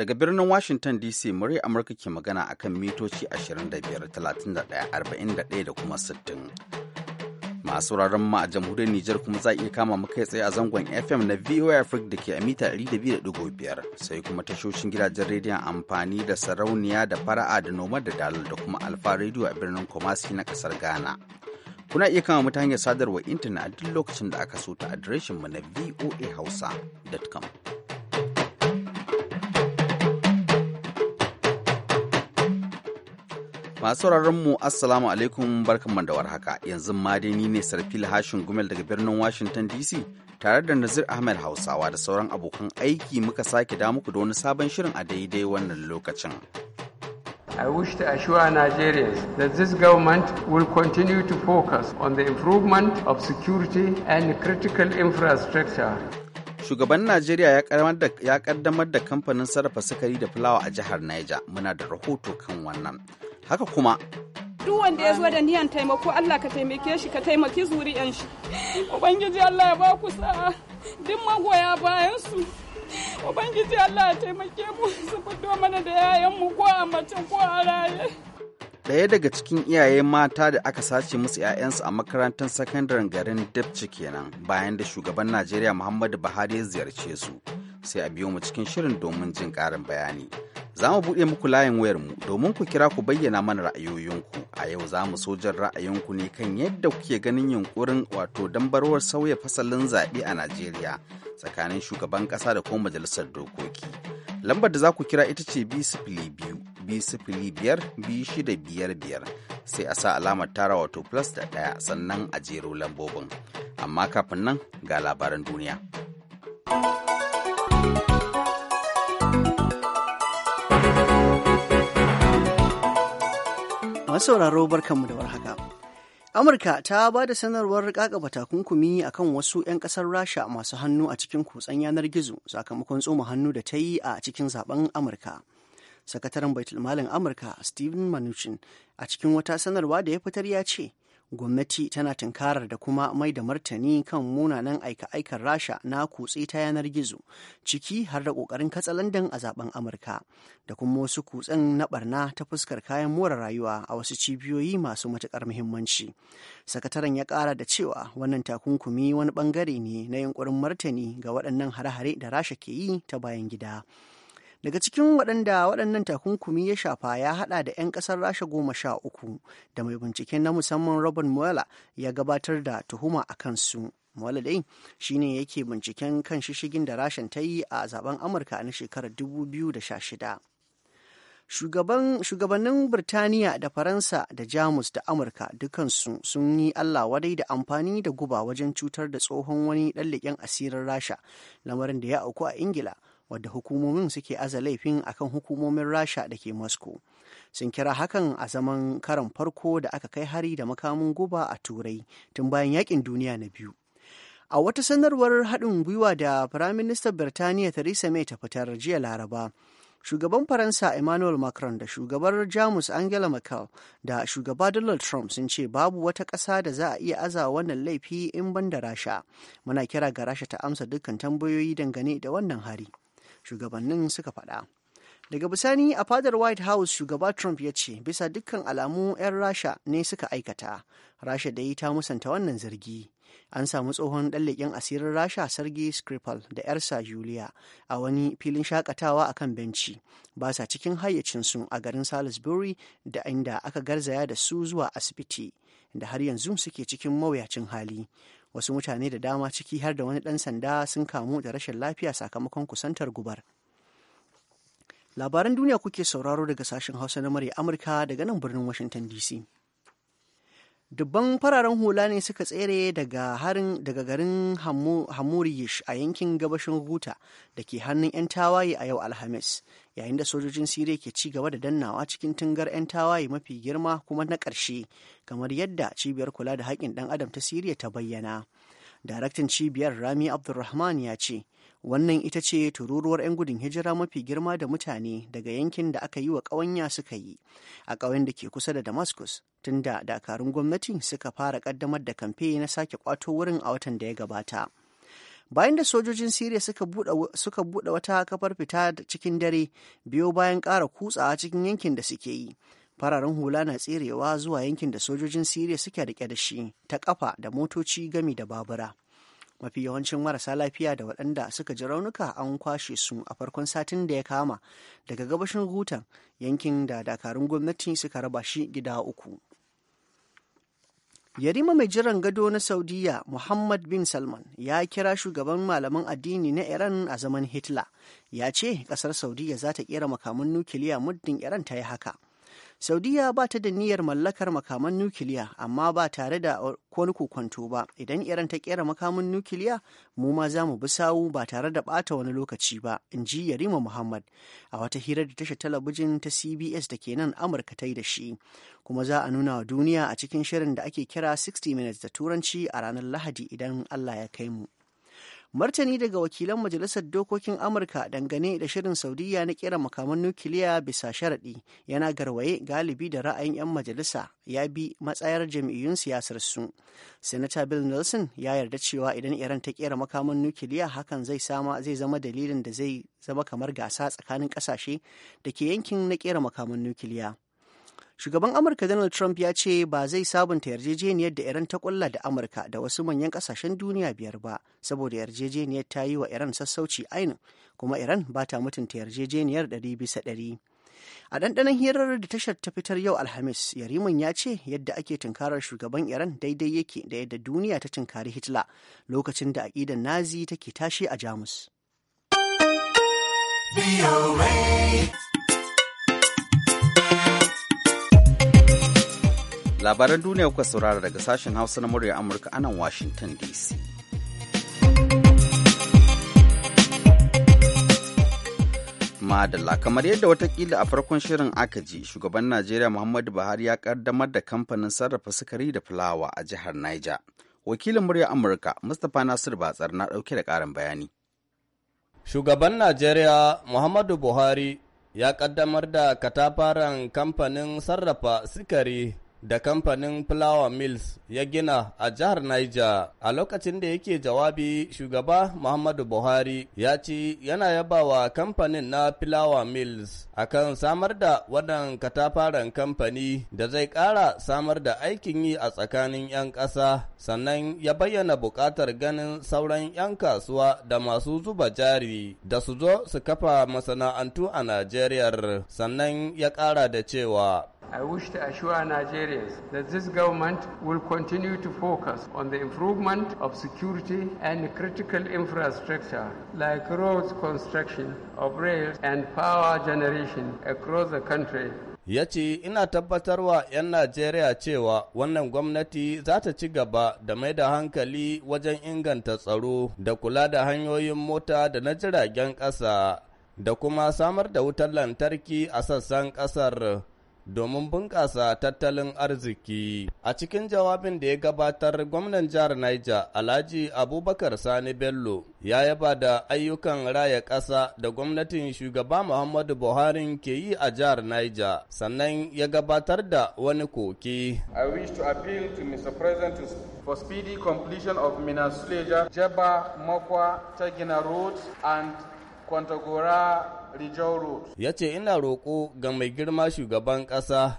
Daga birnin Washington DC murya Amurka ke magana a kan mitoci 25, 31, 41 da kuma 60. masu wuraren ma a jamhuriyar Nijar kuma za iya kama mu kai tsaye a zangon FM na VOA Africa da ke a mita 200.5 sai kuma tashoshin gidajen rediyon amfani da sarauniya da fara'a da noma da dalil da kuma alfa rediyo a birnin Kumasi na kasar Ghana. Kuna iya kama mu hanyar sadarwar intanet a duk lokacin da aka so ta adireshin mu na voahausa.com. Masu mu Assalamu alaikum barkanmu da warhaka yanzu ma madani ne sarfil hashin gumel daga birnin Washington DC tare da Nazir Ahmed Hausawa da sauran abokan aiki muka sake da muku da wani sabon shirin a daidai wannan lokacin. I wish to assure Nigerians that this government will continue to focus on the improvement of security and critical infrastructure. Shugaban Najeriya ya kaddamar da kamfanin sarrafa sukari da fulawa a jihar Niger. Muna da rahoto kan wannan. haka kuma duk wanda ya zo da niyan taimako Allah ka taimake shi ka taimaki zuri'an shi ubangiji Allah ya ba ku sa'a duk magoya bayan su ubangiji Allah ya taimake mu su fito mana da yayan mu ko a mace ko a raye daya daga cikin iyaye mata da aka sace musu 'ya'yansu a makarantar sakandaren garin dabci kenan bayan da shugaban Najeriya Muhammadu Buhari ya ziyarce su sai a biyo mu cikin shirin domin jin ƙarin bayani. za mu buɗe muku layin mu domin ku kira ku bayyana mana ra'ayoyinku a yau za mu sojan ra'ayinku ne kan yadda kuke ganin yunkurin wato dambarwar sauya fasalin zaɓe a najeriya tsakanin shugaban ƙasa da kuma majalisar dokoki lambar da za ku kira ita ce biyar biyar sai a sa alamar tara wato plus da ɗaya sannan a jero lambobin amma kafin nan ga labaran duniya. Masu sauraro barkanmu da warhaka. Amurka ta ba da sanarwar kakaba takunkumi a kan wasu 'yan kasar Rasha masu hannu a cikin kutsen yanar gizo sakamakon tsoma hannu da ta yi a cikin zaben Amurka. Sakataren Baitulmalin Amurka Steven Mnuchin a cikin wata sanarwa da ya fitar ya ce, gwamnati tana tunkarar da kuma mai da martani kan munanan aika-aikan rasha na kutse ta yanar gizo ciki har da kokarin katsalandan a zaben amurka da kuma wasu kutsen na barna ta fuskar kayan more rayuwa a wasu cibiyoyi masu matukar muhimmanci sakataren ya kara da cewa wannan takunkumi wani bangare ne na yunkurin martani ga waɗannan hare-hare da rasha ke yi ta bayan gida daga cikin waɗanda waɗannan takunkumi ya shafa ya haɗa da 'yan ƙasar rasha goma sha uku da mai bincike na musamman robin mueller ya gabatar da tuhuma a kansu mueller dai shine yake binciken kan shishigin da rashin ta yi a zaben amurka na shekarar 2016 shugabannin Birtaniya da Faransa da Jamus da Amurka dukansu sun yi Allah wadai da amfani da guba wajen cutar da tsohon wani ɗan asirin Rasha, lamarin da ya auku a Ingila. wadda hukumomin suke aza laifin akan hukumomin rasha da ke moscow sun kira hakan a zaman karan farko da aka kai hari da makamin guba a turai tun bayan yakin duniya na biyu A wata sanarwar haɗin gwiwa da Firaministan Birtaniya Theresa May ta fitar jiya Laraba, shugaban Faransa Emmanuel Macron da shugabar Jamus Angela Merkel da shugaba Donald Trump sun ce babu wata ƙasa da za a iya aza wannan laifi in ban da Rasha. Muna kira ga Rasha ta amsa dukkan tambayoyi dangane da wannan hari. shugabannin suka faɗa. Daga bisani a fadar White House shugaba Trump ya ce bisa dukkan alamu 'yan Rasha ne suka aikata. Rasha dai ta musanta wannan zargi. An samu tsohon ɗan asirin Rasha Sergei Skripal da 'yarsa Julia a wani filin shakatawa a kan benci. Ba sa cikin hayyacinsu a garin Salisbury da inda aka garzaya da su zuwa asibiti, da har yanzu suke cikin mawuyacin hali. wasu mutane da dama ciki har da wani ɗan sanda sun kamu da rashin lafiya sakamakon kusantar gubar labaran duniya kuke sauraro daga sashen hausa na murya amurka daga nan birnin washington dc dubban fararen hula ne suka tsere daga harin daga garin hamuriyish a yankin gabashin huta da ke hannun 'yan tawaye a yau alhamis yayin da sojojin siriya ke ci gaba da dannawa cikin tungar 'yan tawaye mafi girma kuma na ƙarshe kamar yadda cibiyar kula da haƙƙin ɗan adam ta siriya ta bayyana daraktan cibiyar rami abdulrahman ya ce Wannan ita ce tururuwar 'yan gudun hijira mafi girma da mutane daga yankin da aka yi wa ƙawanya suka yi a ƙauyen da ke kusa da Damascus tun da dakarun gwamnati suka fara ƙaddamar da kamfe na sake ƙwato wurin a watan da ya gabata. bayan da sojojin Siriya suka buɗe wata kafar fita cikin dare biyo bayan ƙara kutsawa cikin yankin da suke yi. Fararen hula na tserewa zuwa yankin da sojojin Siriya suke rike da shi ta ƙafa da motoci gami da babura. mafi yawancin marasa lafiya da waɗanda suka ji raunuka an kwashe su a farkon satin da ya kama daga gabashin hutan yankin da dakarun gwamnati suka raba shi gida uku yarima mai jiran gado na saudiya muhammad bin salman ya kira shugaban malaman addini na iran a zaman hitler ya ce kasar saudiya za ta kera makaman nukiliya muddin iran ta yi haka Saudiya ba ta da niyyar mallakar makaman nukiliya amma ba tare da wani kwanto ba idan Iran ta kera makamin nukiliya mu ma za mu bi sawu ba tare da bata wani lokaci ba in ji Yarima Muhammad a wata hira da tashar talabijin ta CBS da ke nan Amurka ta yi da shi kuma za a nuna wa duniya a cikin shirin da ake kira 60 minutes da turanci a ranar Lahadi idan Allah ya kai mu. martani daga wakilan majalisar dokokin amurka dangane da shirin saudiya na kera makaman nukiliya bisa sharaɗi yana garwaye galibi da ra'ayin 'yan majalisa ya bi matsayar jam'iyyun siyasar su senator bill nelson ya yarda cewa idan iran ta kera makaman nukiliya hakan zai sama zai zama dalilin da zai zama kamar gasa tsakanin ƙasashe da ke yankin na kera makaman nukiliya Shugaban Amurka Donald Trump ya ce ba zai sabunta yarjejeniyar da Iran ta kulla da Amurka da wasu manyan kasashen duniya biyar ba, saboda yarjejeniyar ta yi wa Iran sassauci ainin, kuma Iran ba ta mutunta yarjejeniyar ɗari bisa ɗari. A ɗanɗanon hirar da tashar ta fitar yau Alhamis, Yariman ya ce yadda ake tunkarar shugaban Iran daidai yake da yadda duniya ta tunkari Hitler lokacin da aƙidar Nazi take tashi a Jamus. labaran duniya kuka saurara daga sashen hausa na murya amurka anan washington dc madalla kamar yadda watakila a farkon shirin aka ji shugaban najeriya muhammadu buhari ya kaddamar da kamfanin sarrafa sukari da fulawa a jihar niger wakilin murya amurka mustapha nasir batsar na dauke da karin bayani shugaban najeriya muhammadu buhari ya kaddamar da katafaren kamfanin sarrafa sukari da kamfanin Flower Mills ya gina a jihar Niger. A lokacin da yake jawabi, shugaba Muhammadu Buhari ya ce yana yabawa kamfanin na Flower Mills akan samar da wannan katafaren kamfani da zai ƙara samar da aikin yi a tsakanin 'yan ƙasa, sannan ya bayyana buƙatar ganin sauran 'yan kasuwa da masu zuba jari da su zo su kafa masana'antu a Najeriya, sannan ya ƙara da cewa I wish to assure Nigerians that this government will continue to focus on the improvement of security and critical infrastructure like roads construction of rails and power generation across the country. Ya ce, Ina tabbatarwa 'yan Najeriya cewa wannan gwamnati za ta ci gaba da mai da hankali wajen inganta tsaro da kula da hanyoyin mota da na jiragen ƙasa da kuma samar da wutar lantarki a sassan ƙasar. domin bunƙasa tattalin arziki. A cikin jawabin da ya gabatar gwamnan jihar Niger Alhaji Abubakar Sani Bello ya yaba da ayyukan raya ƙasa da gwamnatin shugaba Muhammadu Buhari ke yi a jihar Niger sannan ya gabatar da wani koki. I wish to appeal to Mr. President for speedy completion of Minas Jeba, Mokwa, Tagina Road and Kwantagora Ya ce ina roƙo ga mai girma shugaban ƙasa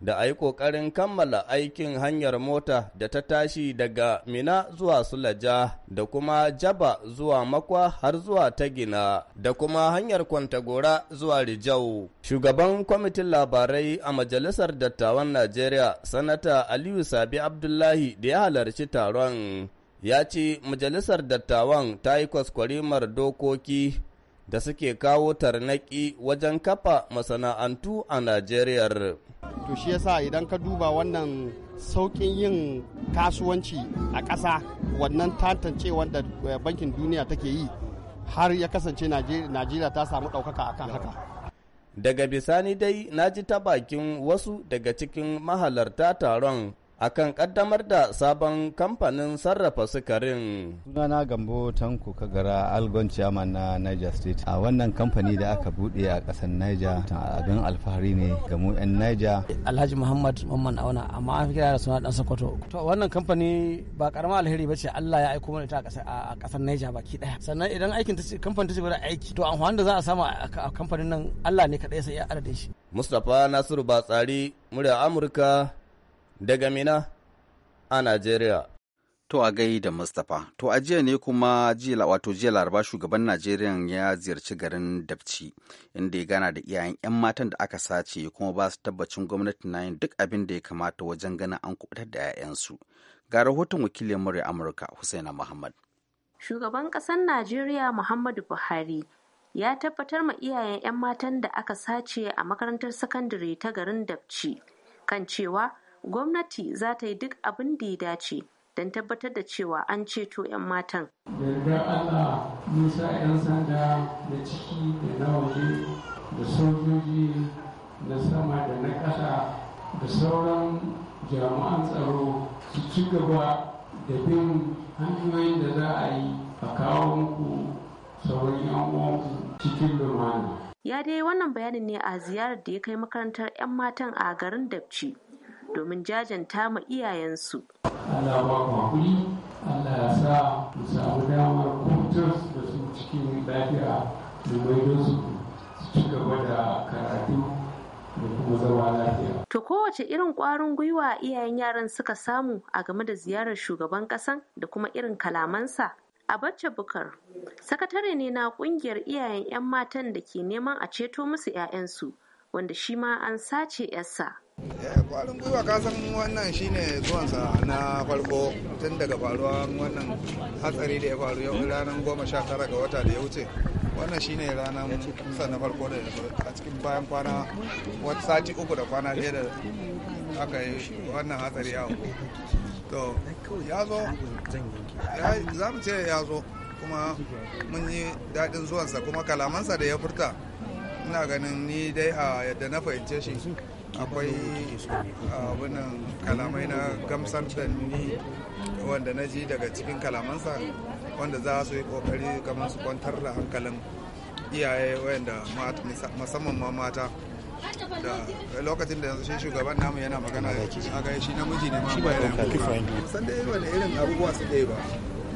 da a yi ƙoƙarin kammala aikin hanyar mota da ta tashi daga Mina zuwa Sulaja da kuma Jaba zuwa Makwa har zuwa Tagina da kuma hanyar Kwantagora zuwa Rijau. Shugaban kwamitin labarai a Majalisar Dattawan Najeriya, Sanata Aliyu Sabi Abdullahi da ya halarci taron. ya ce majalisar dattawan ta yi kwaskwarimar dokoki da suke kawo tarnaki wajen kafa masana'antu a Najeriya. To shi yasa idan ka duba wannan sauƙin yin kasuwanci a ƙasa wannan tantancewar da eh, bankin duniya take yi har ya kasance Najeriya ta samu ɗaukaka akan haka. Daga bisani dai na ji ta bakin wasu daga cikin mahalarta taron akan kaddamar da sabon kamfanin sarrafa sukarin. Sunana Gambo Tanku Kagara Algon Chairman na Niger State. A wannan kamfani da aka bude a ƙasar Niger abin alfahari ne ga mu 'yan Niger. Alhaji Muhammad Mamman Auna amma an fi kira da suna dan Sokoto. To wannan kamfani ba karamar alheri ba ce Allah ya aiko mana ita a ƙasar Niger baki ɗaya. Sannan idan aikin ta kamfanin ta ce da aiki to amfanin da za a samu a kamfanin nan Allah ne kaɗai sai ya adadin shi. Mustapha Nasiru Batsari, murya Amurka daga Mina a Najeriya. To a gai da Mustapha. To a jiya ne kuma jiya wato jiya Laraba shugaban Najeriya ya ziyarci garin Dabci inda ya gana da iyayen 'yan matan da aka sace kuma ba su tabbacin gwamnati na yin duk abin da ya kamata wajen ganin an kubutar da 'ya'yansu. Ga rahoton wakilin murya Amurka hussaina Muhammad. Shugaban ƙasar Najeriya Muhammadu Buhari ya tabbatar ma iyayen 'yan matan da aka sace a makarantar sakandare ta garin Dabci kan cewa gwamnati za ta yi duk abin da ya dace don tabbatar da cewa an ceto 'yan matan. Da Allah Musa 'yan sanda da ciki da na waje da sojoji da sama da na ƙasa da sauran jami'an tsaro su ci gaba da bin hanyoyin da za a yi a kawo muku sauran 'yan uwanku cikin lumana. Ya dai wannan bayanin ne a ziyarar da ya kai makarantar 'yan matan a garin Dabci domin jajanta ma iyayensu. Allah ba ku hakuri, Allah ya sa ku samu damar kuntar da su cikin lafiya da maido su ci gaba da karatu da kuma zama lafiya. To kowace irin ƙwarin gwiwa iyayen yaran suka samu a game da ziyarar shugaban ƙasan da kuma irin kalamansa. Abacha Bukar, sakatare ne na kungiyar iyayen 'yan matan da ke neman a ceto musu 'ya'yansu, wanda shi ma an sace 'yarsa. kwarin eh, gwiwa kasan wannan shine zuwansa na farko tun daga faruwa wannan hatsari da ya faru yau ranar goma sha tara ga wata da ya wuce wannan shine ranar kusa na farko da a cikin bayan kwana wata sati uku da kwana ɗaya da aka yi wannan hatsari yau to ya zo za mu ce ya zo kuma mun yi daɗin zuwansa kuma kalamansa da ya furta ina ganin ni dai a yadda na fahimce shi akwai abinan ah, kalamai na gamsar da ni wanda na ji daga cikin kalamansa wanda za su yi kokari kamar su kwantar da hankalin iyaye wanda musamman ma mata da lokacin da yanzu shi shugaban namu yana magana da a gaya shi namiji ne ma bayan san da wani irin abubuwa su ɗaya ba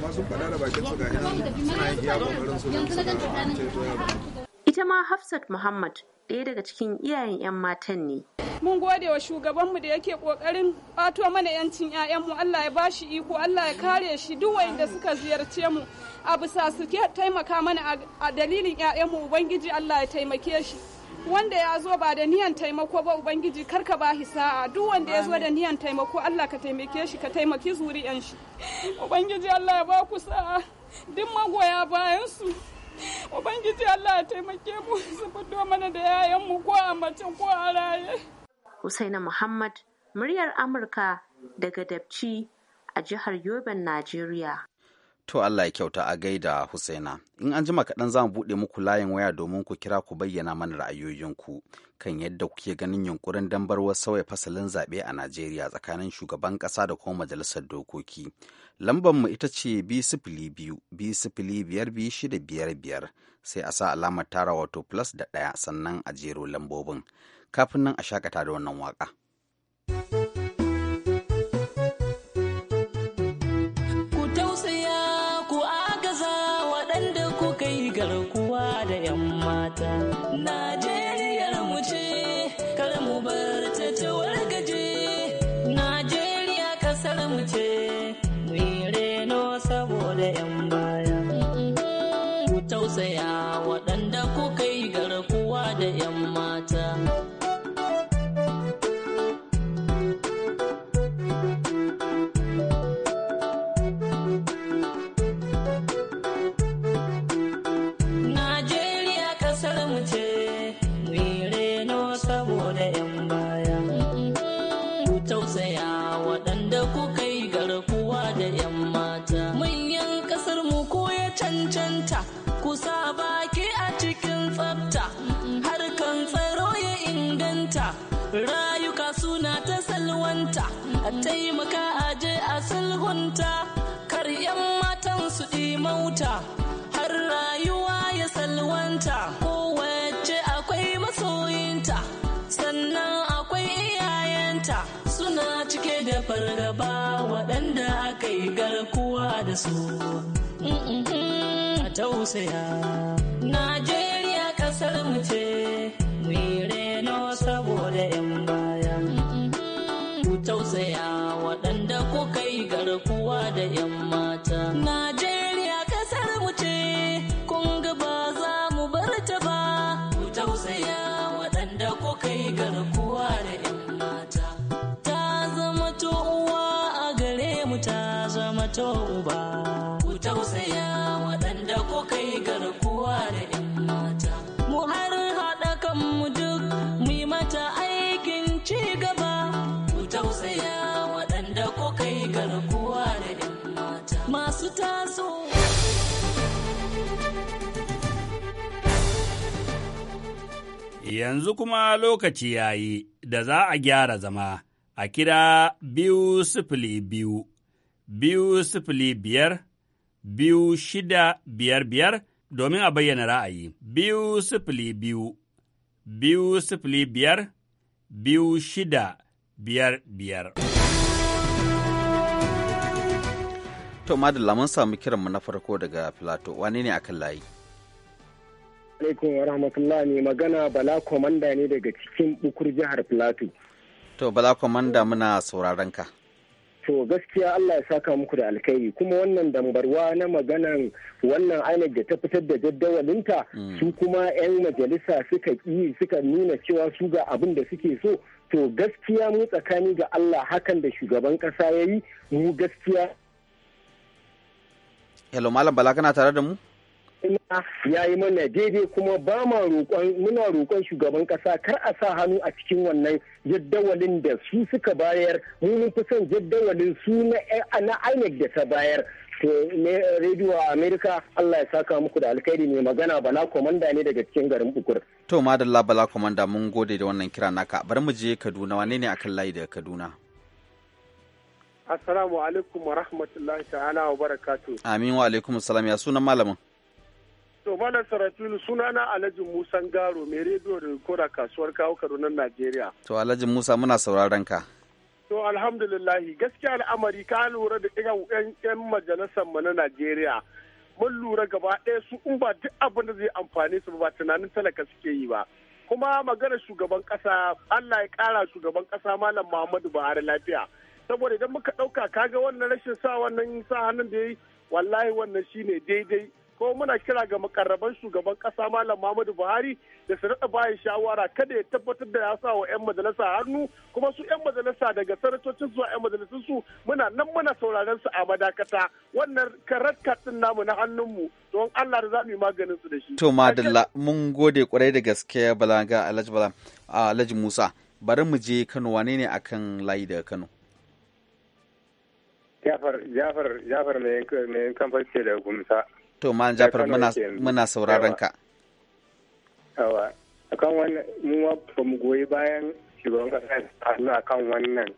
masu faɗa da bakin su ga irin suna yi iya kokarin su don su ga an ceto yaro ita ma hafsat muhammad ɗaya daga cikin iyayen 'yan matan ne mun gode wa shugabanmu da yake ƙoƙarin ɓato mana yancin 'ya'yanmu Allah ya bashi iko Allah ya kare shi duk wanda suka ziyarce mu a bisa su taimaka mana a dalilin 'ya'yanmu ubangiji Allah ya taimake shi wanda ya zo ba da niyan taimako ba ubangiji karka ba sa'a duk wanda ya zo da niyan taimako Allah ka taimake shi ka taimaki zuri'an shi ubangiji Allah ya ba ku sa'a duk magoya bayan su ubangiji Allah ya taimake mu su fito mana da yayanmu ko a mace ko a raye Husaina Muhammad muryar Amurka daga Dabci a jihar Yoben Najeriya To Allah ya kyauta a gaida Husaina. In an jima kaɗan za mu buɗe muku layin waya domin ku kira ku bayyana mana ra'ayoyinku kan yadda kuke ganin yunkurin dambarwar sauya fasalin zaɓe a Najeriya tsakanin shugaban ƙasa da kuma majalisar dokoki. Lambar mu ita ce bi sifili biyu bi sifili biyar bi shida biyar biyar sai a sa alamar tara wato plus da ɗaya sannan a jero lambobin. Kafin nan a shakata da wannan waƙa. say I uh, kai garkuwa da su a tausaya najeriya kasar mu ce mu reno saboda 'yan baya ku tausaya waɗanda kuka yi garkuwa da 'yan mata Yanzu kuma lokaci ya yi da za a gyara zama a kira biyu sifili biyu, biyu sifili biyar, biyu shida biyar biyar domin a bayyana ra'ayi. Biyu sifili biyu, biyu sifili biyar, biyu shida biyar biyar. To, Madalla mun samu kiranmu na farko daga Filato, wane ne akan layi? alaikum wa rahmatullah ne magana bala komanda ne daga cikin bukur jihar plateau to bala komanda muna sauraron ka to gaskiya allah ya saka muku da alkhairi kuma wannan dambarwa na maganan wannan ainih da ta fitar da jaddawalinta mm. su kuma 'yan majalisa suka suka nuna cewa su ga abin da suke so to gaskiya mu tsakani ga allah hakan da shugaban kasa ya yi mu gaskiya hello malam bala kana tare da mu kuma ya yi mana daidai kuma ba ma roƙon muna roƙon shugaban ƙasa kar a sa hannu a cikin wannan jaddawalin da su suka bayar mu mun fi son jaddawalin su na INEC da ta bayar to rediyo a Amerika Allah ya saka muku da alkhairi mai magana bala komanda ne daga cikin garin Bukur to madalla bala komanda mun gode da wannan kira naka bari mu je Kaduna wane ne akan layi daga Kaduna Assalamu alaikum wa rahmatullahi ta'ala wa barakatuh Amin wa alaikum assalam ya sunan malamin To Malam Saratulu sunana Alhaji Musa Garo mai rediyo da kora kasuwar kawo Kaduna Najeriya. To Alhaji Musa muna sauraron ka. To alhamdulillahi gaskiya al'amari ka lura da irin yan majalisar mu na Najeriya. Mun lura gaba ɗaya su in ba duk abin da zai amfani su ba tunanin talaka suke yi ba. Kuma maganar shugaban ƙasa Allah ya ƙara shugaban ƙasa Malam Muhammadu Buhari lafiya. Saboda idan muka ɗauka kaga wannan rashin sa wannan sa hannun da ya yi wallahi wannan shine daidai ko muna kira ga makarraban shugaban kasa malam Muhammadu Buhari da su rada bayan shawara kada ya tabbatar da ya sa wa 'yan majalisa hannu kuma su 'yan majalisa daga sanatocin zuwa 'yan majalisun su muna nan muna sauraron su a madakata wannan karat din namu na hannun mu don Allah da za mu yi maganin su da shi. To madalla mun gode kwarai da gaske Balaga Alhaji Bala Alhaji Musa bari mu je Kano wane ne akan layi daga Kano? Jafar Jafar Jafar mai yankan farce daga Gumsa. to ma jafar muna sauraron ka yawa akan wani muwa ba mu goyi bayan shugaban kasa hannu akan wannan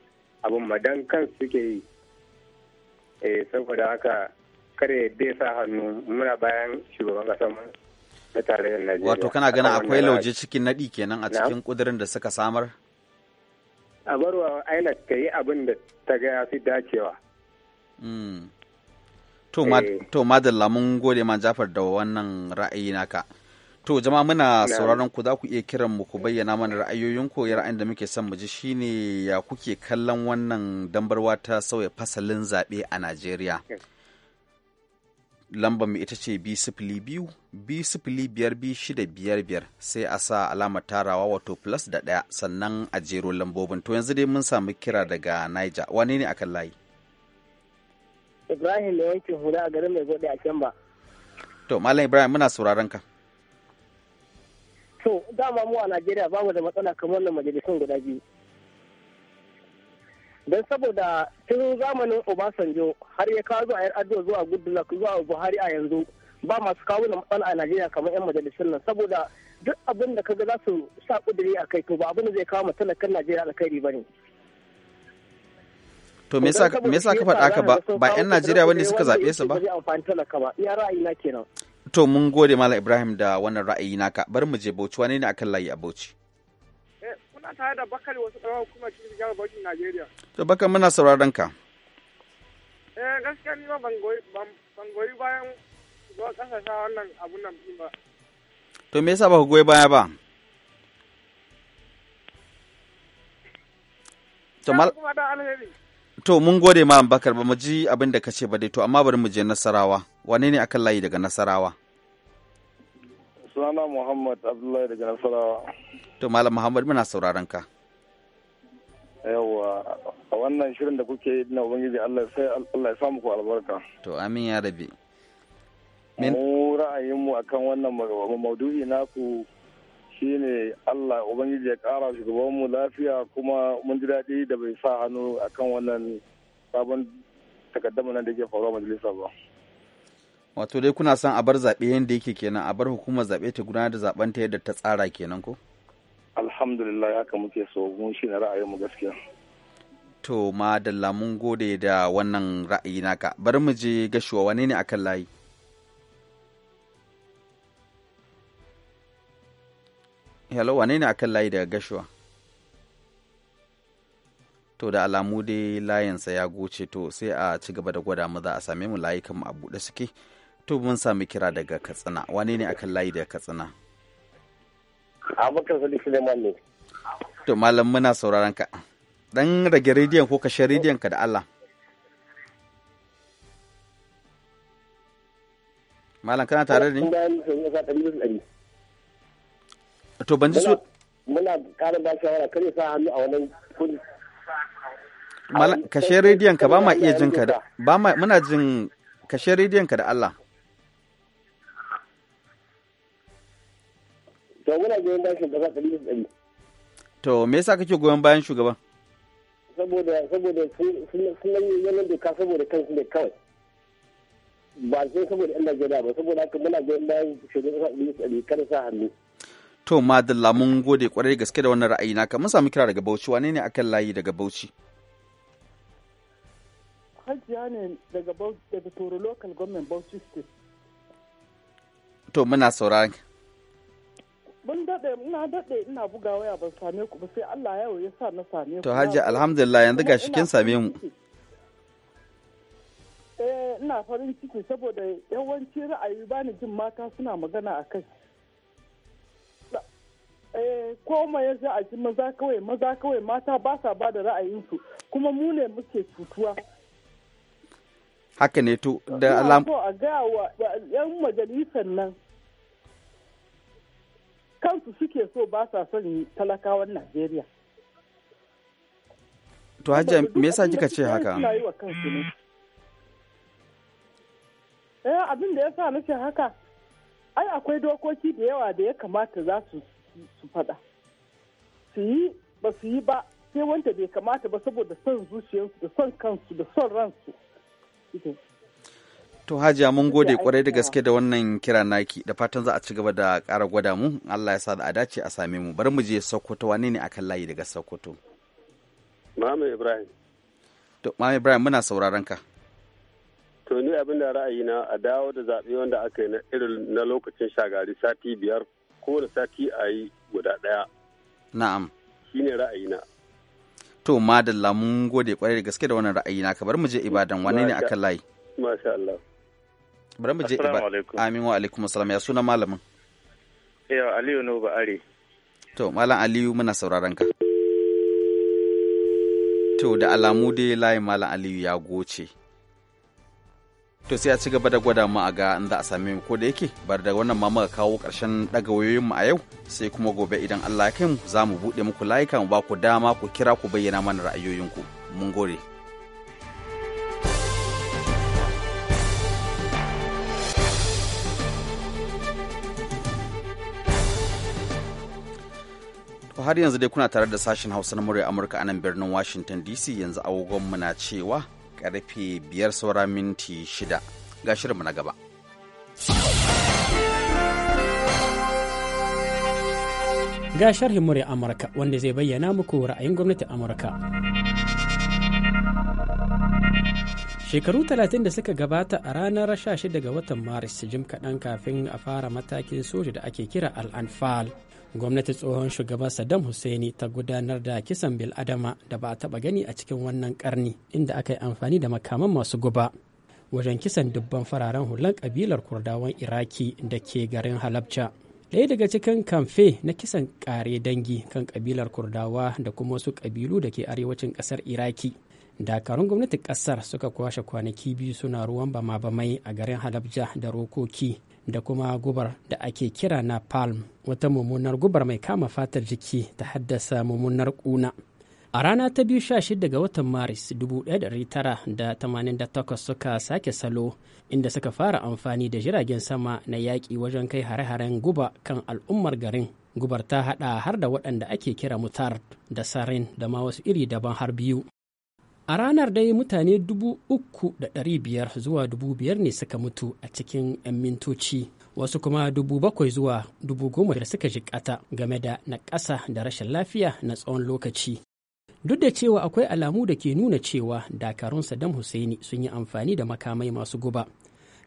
abin madan kan suke yi eh saboda haka kare bai sa hannu muna bayan shugaban kasa na tarayyar Najeriya wato kana gana akwai lauje cikin nadi kenan a cikin kudirin da suka samar a barwa INEC ta yi abin da ta gaya ya fi dacewa hmm. Eh. To madalla mun gode ma Jafar da wannan ra'ayi naka. To jama'a muna sauraron ku za ku iya kiran mu ku bayyana mana ra'ayoyinku ya ra'ayin da muke son mu ji shine ya kuke kallon wannan dambarwa ta sauya fasalin zaɓe a Najeriya. Lambar mu ita ce b sifili biyu b sifili biyar b shida biyar biyar sai a sa alamar tarawa wato plus da ɗaya sannan a jero lambobin to yanzu dai mun samu kira daga Niger wane ne akan layi? Ibrahim da wankin hula a garin mai gode a Kemba. To, Malam Ibrahim muna sauraron ka. To, dama mu a Najeriya mu da matsala kamar na majalisun guda biyu. Don saboda tun zamanin Obasanjo har ya kawo zuwa 'yar addu'a zuwa Goodluck zuwa Buhari a yanzu ba masu kawo da matsala a Najeriya kamar 'yan majalisun nan saboda duk abin da kaga za su sa kudiri a kai to ba abin da zai kawo matsalar kan Najeriya alkhairi ba ne. to me yasa ka faɗa ka ba ba 'yan najeriya wanda suka zaɓe su ba to mun gode mala ibrahim da wannan ra'ayi naka bari mu je bauchi wani ne akan layi a bauchi eh, to baka muna sauraron ka to me yasa ba ku goyi baya ba to mal To mun gode ma Bakar ba mu ji abin da ka ce ba dai to amma bari mu je Nasarawa. Wane ne akan layi daga Nasarawa? Sunana Muhammad Abdullahi daga Nasarawa. To Malam Muhammad muna sauraron ka. yawa a wannan shirin da kuke yi na Ubangiji Allah sai Allah ya samu ku albarka. To amin ya rabi. Mu ra'ayinmu akan wannan maudu'i naku shine Allah Ubangiji ya kara shugabanmu lafiya kuma mun ji daɗi da bai sa hannu akan wannan sabon takaddama nan da ke faruwa majalisa ba. Wato dai kuna son a bar zaɓe yadda yake kenan a bar hukumar zaɓe ta gudanar da zaɓen ta yadda ta tsara kenan ko? Alhamdulillah haka muke so mun shi na ra'ayinmu gaskiya. To ma da lamun gode da wannan ra'ayi naka bari mu je gashuwa wane ne akan layi? hello wane ne akan layi daga gashuwa to da alamu dai layinsa ya goce to sai a ci gaba da gwada mu za a same mu layi kan a buɗe suke to mun sami kira daga katsina wane ne akan layi daga katsina abubakar sadiq suleiman ne to malam muna sauraron ka dan rage rediyon ko kashe rediyon ka da allah malam kana tare da ni to ban ji su muna ƙara ba shawara kar ya sa hannu a wannan kudi kashe rediyon ka ba ma iya jin ka da ba ma muna jin kashe rediyon ka da Allah to muna goyon bayan shugaba ɗari da ɗari to me yasa kake goyon bayan shugaban saboda saboda sun yi yanar doka saboda kansu ne kawai ba sai saboda yan Najeriya ba saboda haka muna goyon bayan shugaban ɗari da kar sa hannu To madalla mun gode kwarai gaske da wannan ra'ayi naka mun samu kira daga Bauchi wane ne akan layi daga Bauchi? Hajiya ne daga Bauchi daga Toro Local Government Bauchi State. To muna sauraron. Mun dade ina dade ina buga waya ban same ku ba sai Allah yau ya sa na same ku. To Hajiya alhamdulillah yanzu gashi kin same mu. Eh ina farin ciki saboda yawanci ra'ayi bani jin mata suna magana akai Eh, koma ya za a ji maza kawai maza kawai mata ba sa ba da ra'ayinsu kuma mu ne muke cutuwa haka ne to da alam so a ga wa yan majalisar nan kansu suke so ba sa son talakawan Najeriya to hajja me yasa kika ce haka eh abin da yasa nake haka ai akwai dokoki da yawa da ya kamata za su su faɗa su yi ba su yi ba sai wanda bai kamata ba saboda son zuciyarsu da son kansu da son ransu To Hajiya mun gode kwarai da gaske da wannan kira naki da fatan za a ci gaba da ƙara gwada mu Allah ya sa da a dace a same mu bari mu je Sokoto wane ne akan layi daga Sokoto Mama Ibrahim To Mama Ibrahim muna sauraron ka To ni abin da ra'ayina a dawo da zaɓe wanda aka yi na irin na lokacin shagari sati biyar kowane sati a yi guda ɗaya. Na'am. Shi ne ra'ayina. To, madalla mun gode kwarai da gaske da wannan ra'ayina, ka bar mu je Ibadan, wani ne aka layi? Masha Allah. Bari mu je Ibadan. Amin wa alaikum salam Ya suna malamin? Yau eh, Aliyu no ba are. To, Malam Aliyu muna sauraron ka. To, da alamu dai layin Malam Aliyu ya goce. to sai a ci gaba da gwada mu a ga inda za a same mu ko da yake bar da wannan mama ka kawo karshen daga wayoyin mu a yau sai kuma gobe idan Allah ya kai mu za mu buɗe muku layuka mu ba ku dama ku kira ku bayyana mana ra'ayoyinku mun gode har yanzu dai kuna tare da sashen Hausa na murya Amurka a nan birnin Washington DC yanzu agogonmu na cewa karfe biyar saura minti shida ga shirinmu na gaba. Ga sharhin murya Amurka wanda zai bayyana muku ra'ayin gwamnati Amurka. Shekaru talatin da suka gabata a ranar 16 ga watan Maris jim kaɗan kafin a fara matakin soja da ake kira Al-Anfal. gwamnati tsohon shugaban saddam husseini ta gudanar da kisan biladama da ba a taba gani a cikin wannan karni inda aka yi amfani da makaman masu guba wajen kisan dubban fararen hulan kabilar kurdawan iraki da ke garin halabca ɗaya daga cikin kamfe na kisan ƙare dangi kan kabilar kurdawa da kuma wasu ƙabilu da ke arewacin ƙasar iraki dakarun gwamnati ƙasar suka kwashe kwanaki biyu suna ruwan bama-bamai a garin halabja da rokoki da kuma gubar da ake kira na palm wata mummunar gubar mai kama fatar jiki ta haddasa mummunar kuna a rana ta biyu sha shida ga watan maris 1988 suka sake salo inda suka fara amfani da jiragen sama na yaƙi wajen kai hare-haren guba kan al'ummar garin gubar ta hada har da waɗanda ake kira mutar da sarin da ma wasu iri daban har biyu a ranar dai mutane dubu uku biyar zuwa dubu ne suka mutu a cikin 'yan mintoci wasu kuma dubu zuwa dubu goma da suka jikata game da naƙasa da rashin lafiya na tsawon lokaci duk da cewa akwai alamu da ke nuna cewa dakarun saddam hussein sun yi amfani da makamai masu guba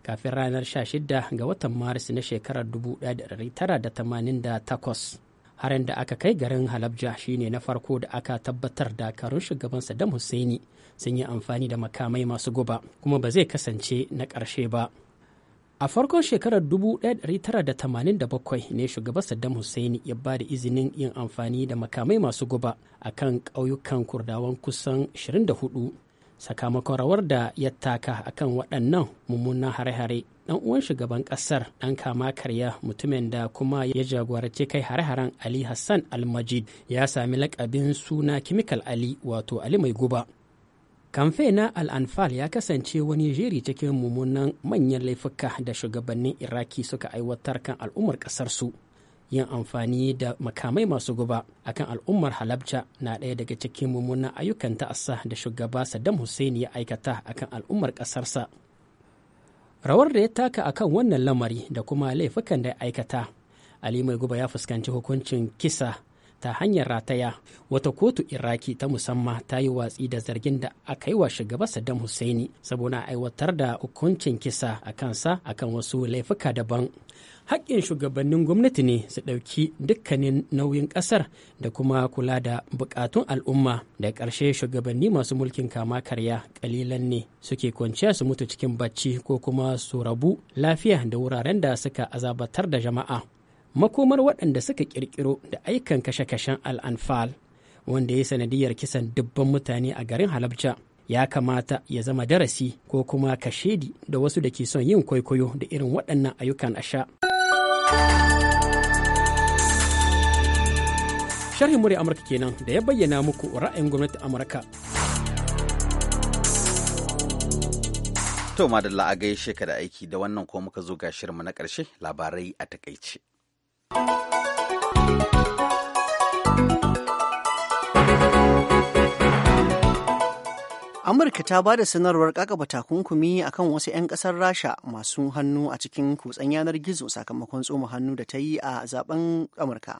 kafin ranar 16 ga watan maris na shekarar 1988 harin da aka kai garin halabja shine na farko da aka tabbatar dakarun shugaban saddam husseini sun yi amfani da makamai masu guba kuma ba zai kasance na ƙarshe ba a farkon shekarar 1987 ne shugaban saddam Husseini ya ba da izinin yin amfani da makamai masu guba a kan ƙauyukan kurdawan kusan 24 sakamakon rawar da ya taka akan waɗannan mummunan hare-hare dan uwan shugaban kasar dan kama karya mutumin da kuma ya jagoranci kai hare-haren ali hassan almajid ya sami lakabin suna chemical ali wato ali mai guba kamfe na anfal ya kasance wani jeri cikin mummunan manyan laifuka da shugabannin iraki suka aiwatar kan al'ummar ƙasarsu yin amfani da makamai masu guba akan al'ummar halabca na ɗaya daga cikin mummunan ayyukan ta'assa da shugaba saddam hussein ya aikata akan al'ummar ƙasarsa rawar da ya taka akan wannan lamari da kuma laifukan da ya aikata ali mai guba ya fuskanci hukuncin kisa ta hanyar rataya wata kotu iraki ta musamman ta yi watsi da zargin da aka yi wa shugaba saddam husaini saboda aiwatar da hukuncin kisa a kansa akan wasu laifuka daban haƙƙin shugabannin gwamnati ne su ɗauki dukkanin nauyin ƙasar da kuma kula da buƙatun al'umma da ƙarshe shugabanni masu mulkin kama karya ƙalilan ne suke kwanciya su mutu cikin bacci ko kuma su rabu lafiya da wuraren da suka azabatar da jama'a makomar waɗanda suka ƙirƙiro da aikan kashe-kashen al'anfal wanda ya sanadiyar kisan dubban mutane a garin halabca ya kamata ya zama darasi ko kuma kashedi da wasu da ke son yin kwaikwayo da irin waɗannan ayyukan asha. sha. sharhin murya amurka kenan da ya bayyana muku ra'ayin gwamnati amurka to madalla a gaishe ka da aiki da wannan ko muka zo ga shirma na ƙarshe labarai a takaice Amurka ta ba da sanarwar kakaba takunkumi akan wasu 'yan kasar Rasha masu hannu a cikin kutsen yanar gizo sakamakon tsoma hannu da ta yi a zaben Amurka.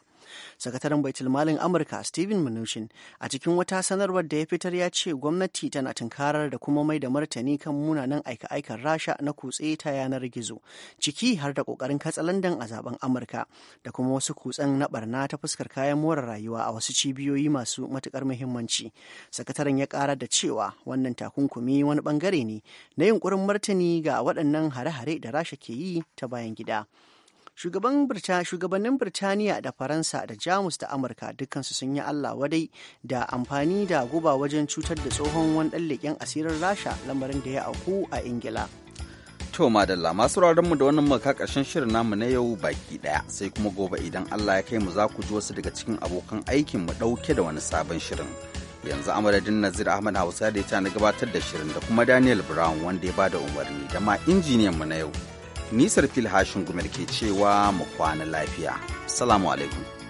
sakataren baitul malin amurka steven mnuchin a cikin wata sanarwar da ya fitar ya ce gwamnati tana tunkarar da kuma mai da martani kan munanan aika-aikan rasha na kutse ta yanar gizo ciki har da kokarin katsalandan a zaben amurka da kuma wasu kutsen na barna ta fuskar kayan more rayuwa a wasu cibiyoyi masu matukar muhimmanci sakataren ya kara da cewa wannan takunkumi wani bangare ne na yunkurin martani ga waɗannan hare-hare da rasha ke yi ta bayan gida. shugabannin birtaniya da faransa da jamus da amurka dukansu sun yi allah wadai da amfani da guba wajen cutar da tsohon wani ɗan leƙen asirin rasha lamarin da ya auku a ingila to madalla masu mu da wannan makakashin karshen shirin namu na yau baki daya sai kuma gobe idan allah ya kai mu za ku ji wasu daga cikin abokan aikin mu ɗauke da wani sabon shirin yanzu amadadin nazir ahmad hausa da ya na gabatar da shirin da kuma daniel brown wanda ya bada umarni da ma injiniyan mu na yau Nisar fil hashin ke cewa mu kwana lafiya. Salamu alaikum.